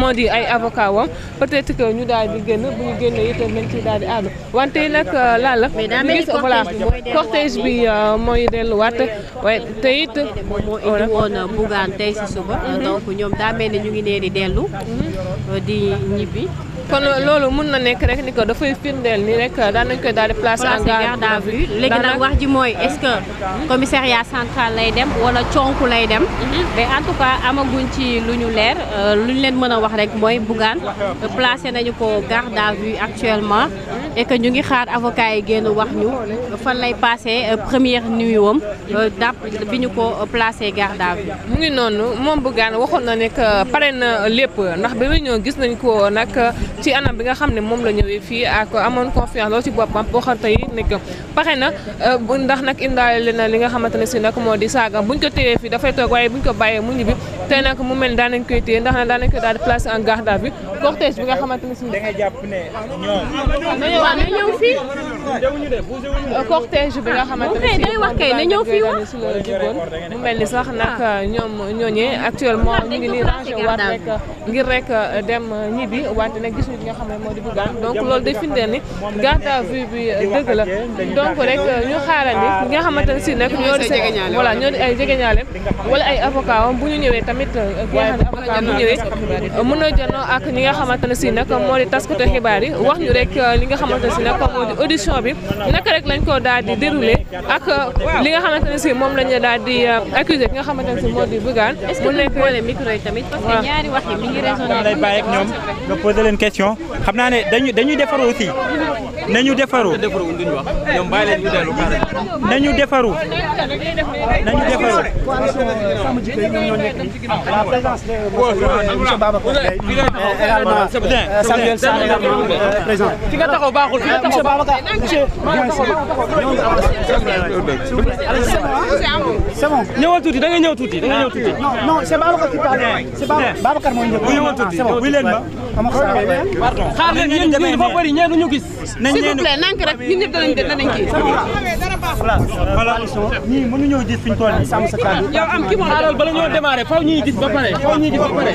moo di ay avocat wam peut-être que ñu daal di génn bu ñu génnee nañ ci daal àddu wante nag euh, laal la ñu gis voilà cortège bi mooy delluwaat euh, waaye te it moom moo indi woon euh, Bougane tey si suba mhm. donc ñu ngi nee di dellu mhm. di ñibbi kon loolu mun na nekk rek ni ko dafay firndeel ni rek daan nañ koy daal di place en garde à vue léegi nag wax ji mooy est-ce que lay dem wala conk lay dem mhm. mais en tout cas ci lu ñu leer ñu leen mën a wax rek mooy Bougane placé nañu ko garde à actuellement et que ñu ngi xaar avocat yi génn wax ñu fan lay passé euh, première nuit wam euh, dàpp bi ñu ko placé garde à mu ngi noonu moom Bougane waxoon na ne que euh, pare na lépp ndax ba muy gis nañ ko nag ci anam bi nga xam ne moom la ñëwee fii ak amoon confiance loolu ci boppam booxante yi nekk pare na ndax nag indaale na li nga xamante ne si nag moo di saaga buñ ko téyee fii dafay toog waaye buñ ko bàyyee mu ñibbi tey nag mu mel daanañ nekk daal di en garde à vue bi nga xamante ne si. da jàpp ne bi na ñëw fii wax si la jugoon mu mel sax nag ñoom ñooñee actuellement ñu ngi nii rangé waat rek ngir rek gis ñu xam ne moo di bugaan donc loolu day firndeel ni garde à nga xamante ne si nag ñoo di voilà ñoo di ay jegeñaale wala ay avocat bu ñu ñëwee tamit ki nga xam ne bu ñëwee mën na jënoo ak ñi nga xamante ne si nag moo di taskatu xibaar yi wax ñu rek euh, li nga xamante ne si nag moo di audition bi naka rek lañ ko daal di ak li nga xamante si moom lañu daal di euh, ki nga xamante si moo di Bougane mu nekk wax yi mi ngi raisonné lay bàyyi ak ñoom nga leen question nañu defaru monsieur Babacar Gueye également Samuel Sarr présent. fi nga taxaw baaxul fi nga taxaw Babacar monsieur. c'est bon. ñëwal tuuti da nga ñëw tuuti da nga ñëw tuuti. non non c'est Babacar qui parle c'est Babacar mooy ñëw. c'est bon bu leen ma. pardon xaar leen yéen ñi dafa bëri ñeenu ñu gis. nañ ñeenu s'il vous plaît nank rek ñun ñëpp danañ danañ kii. voilà ñii mënuñoo gis fi ñu toll nii sàmm sa kàddu. yow am ki moo xaaral bala ñoo démarrer faw ñuy gis ba pare faw ñuy gis ba pare.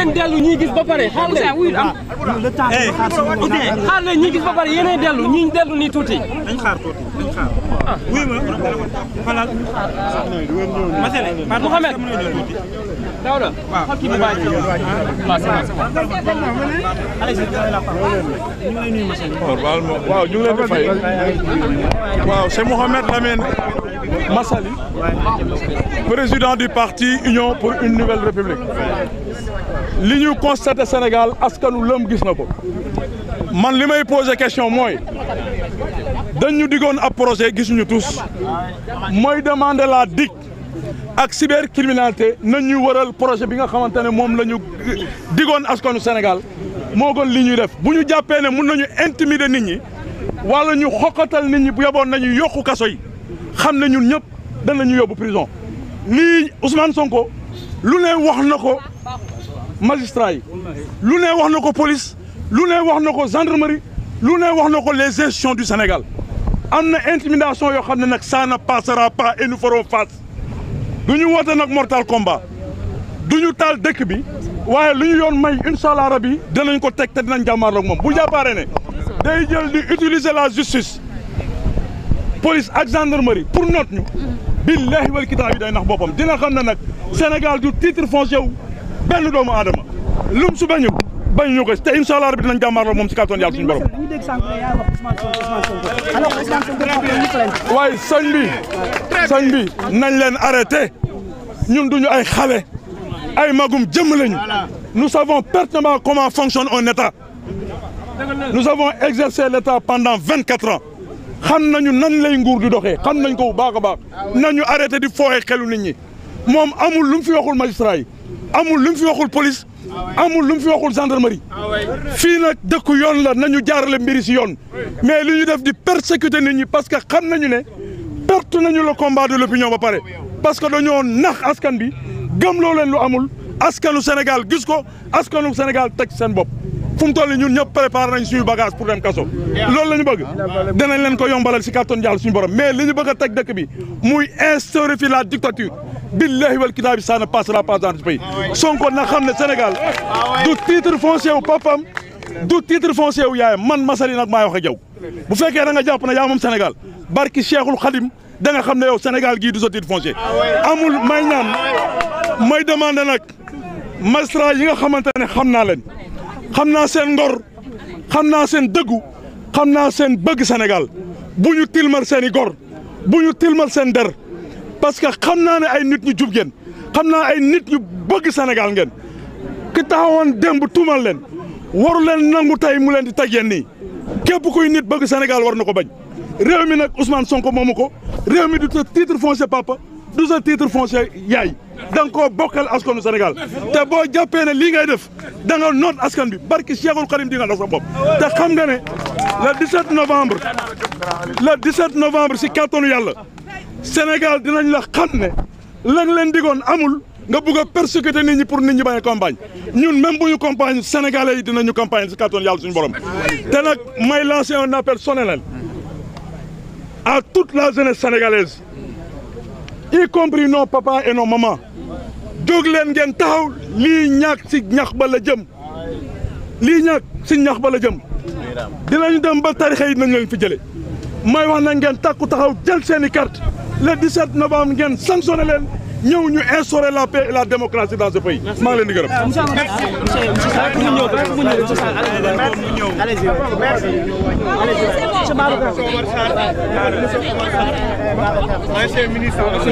ngeen dellu ñii gis ba pare xaar leen wuyu am xaar leen ñii gis ba pare yéenay dellu ñii dellu nii tuuti dañ xaar tuuti dañ xaar wuyu ma xalal masele Mouhamed Daouda xol ki bi bàyyi waaw ñu ngi leen di fay waaw c'est Mouhamed Lamine Massali président du parti Union pour une nouvelle République li ñu constaté Sénégal askanu lëm gis na ko man li may posé question mooy dañ ñu digoon ab projet gisuñu tous mooy demander la DIC ak cybercriminalité nañ ñu waral projet bi nga xamante ne moom la ñu digoon askanu Sénégal moo gën li ñuy def bu ñu jàppee ne mun nañu intimider nit ñi wala ñu xoqatal nit ñi bu yaboon nañu yokku kaso yi xam ne ñun ñëpp danañu yóbbu prison lii Ousmane Sonko lu ne wax na ko. magistrat yi lu ne wax na ko police lu ne wax na ko mari lu ne wax na ko les institutions du senegal am na intimidation yoo xam ne nag ça ne passera pas et nous ferons face du ñu woote nag mortal combat du ñu taal dëkk bi waaye lu ñu yoon may incha allah rabi dinañ ko teg te dinañ jàmmaarloog moom bu jàppaaree ne day jël di utiliser la justice police ak mari pour noot ñu billaahi wal kitaab yi day nax boppam dina xam ne nag Sénégal du titre foncier wu benn doomu adama lum su bañu bañ ñu ko te incha allah rabi dinañ jàmmaarloo moom si kàttan yàlla suñu borom. waaye sëñ bi sëñ bi nañ leen arrêté ñun duñu ay xale ay magum jëmm lañu nous savons pertinemment comment fonctionne un état nous avons exercé le état pendant vingt quatre ans na ñu nan lay nguur di doxee xam nañ ko bu baax a baax ah ñu arrêté di fooye xelu nit ñi moom amul lu mu fi waxul magistrat yi. amul lu mu fi waxul police amul lu mu fi waxul gendarmerie ah fii nag dëkku yoon la nañu jaarale mbiri si yoon mais li ñu def di persécuter nit ñi parce que xam nañu ne perte nañu le combat de l'opinion ba pare parce que dañoo nax askan bi gëmloo leen lu amul askanu senegal gis ko askanu senegal teg seen bopp fu mu toll ñun ñëpp préparé nañ suñu bagage pour dem kaso loolu la ñu bëgg danañ leen ko yombalal si kàttan Yàlla suñu borom mais li ñu bëgg a teg dëkk bi muy instaurer fi la dictature billahi wal kitaabi ça ne passera pas dans ce pays Sonko na xam ne Sénégal du titre foncier wu papam du titre foncier wu yaayam man Massaly nag maay wax ak bu fekkee da nga jàpp ne yaa moom Sénégal barki Cheikhul Khadim da nga xam ne yow Sénégal gii du sa titre foncier amul may ñaan may demandé nag magistrat yi nga xamante ne xam naa leen xam naa seen ngor xam naa seen dëggu xam naa seen bëgg Sénégal bu ñu tilmal seen i gor bu ñu tilmal seen der parce que xam naa ne ay nit ñu jub ngeen xam naa ay nit ñu bëgg Sénégal ngeen ki taxawoon démb tuumal leen waru leen nangu tey mu leen di teg yéen nii képp kuy nit bëgg senegal war na ko bañ réew mi nag Ousmane Sonko moomu ko réew mi du sa titre foncier papa du sa titre foncier yaay da nga koo bokkal askanu Sénégal te boo jàppee ne lii ngay def da nga noot askan bi barki Cheikhul Karim di nga dox sa bopp te xam nga ne le 17 novembre le 17 si kattanu yàlla Sénégal dinañ la xam ne lañ leen digoon amul nga bugg a persécuter nit ñi pour ni ñi bañ a ñun même bu ñu campagne sénégalais yi dinañu campagne si kàttan yàlla suñu borom te nag may lancer un appel solennel à toute la jeunesse sénégalaise y compris nos papas et nos leen ngeen taxaw lii ñàkk si ñax ba la jëm lii ñàkk si ñax ba la jëm dinañu dem ba tarixa yi nañ leen fi jële may wax na ngeen takku taxaw jël seen i carte le 17 novembre ngeen sanctionné leen ñëw ñu instaurer la paix et la démocratie dans ce pays. maa ngi leen di gërëm. monsieur monsieur monsieur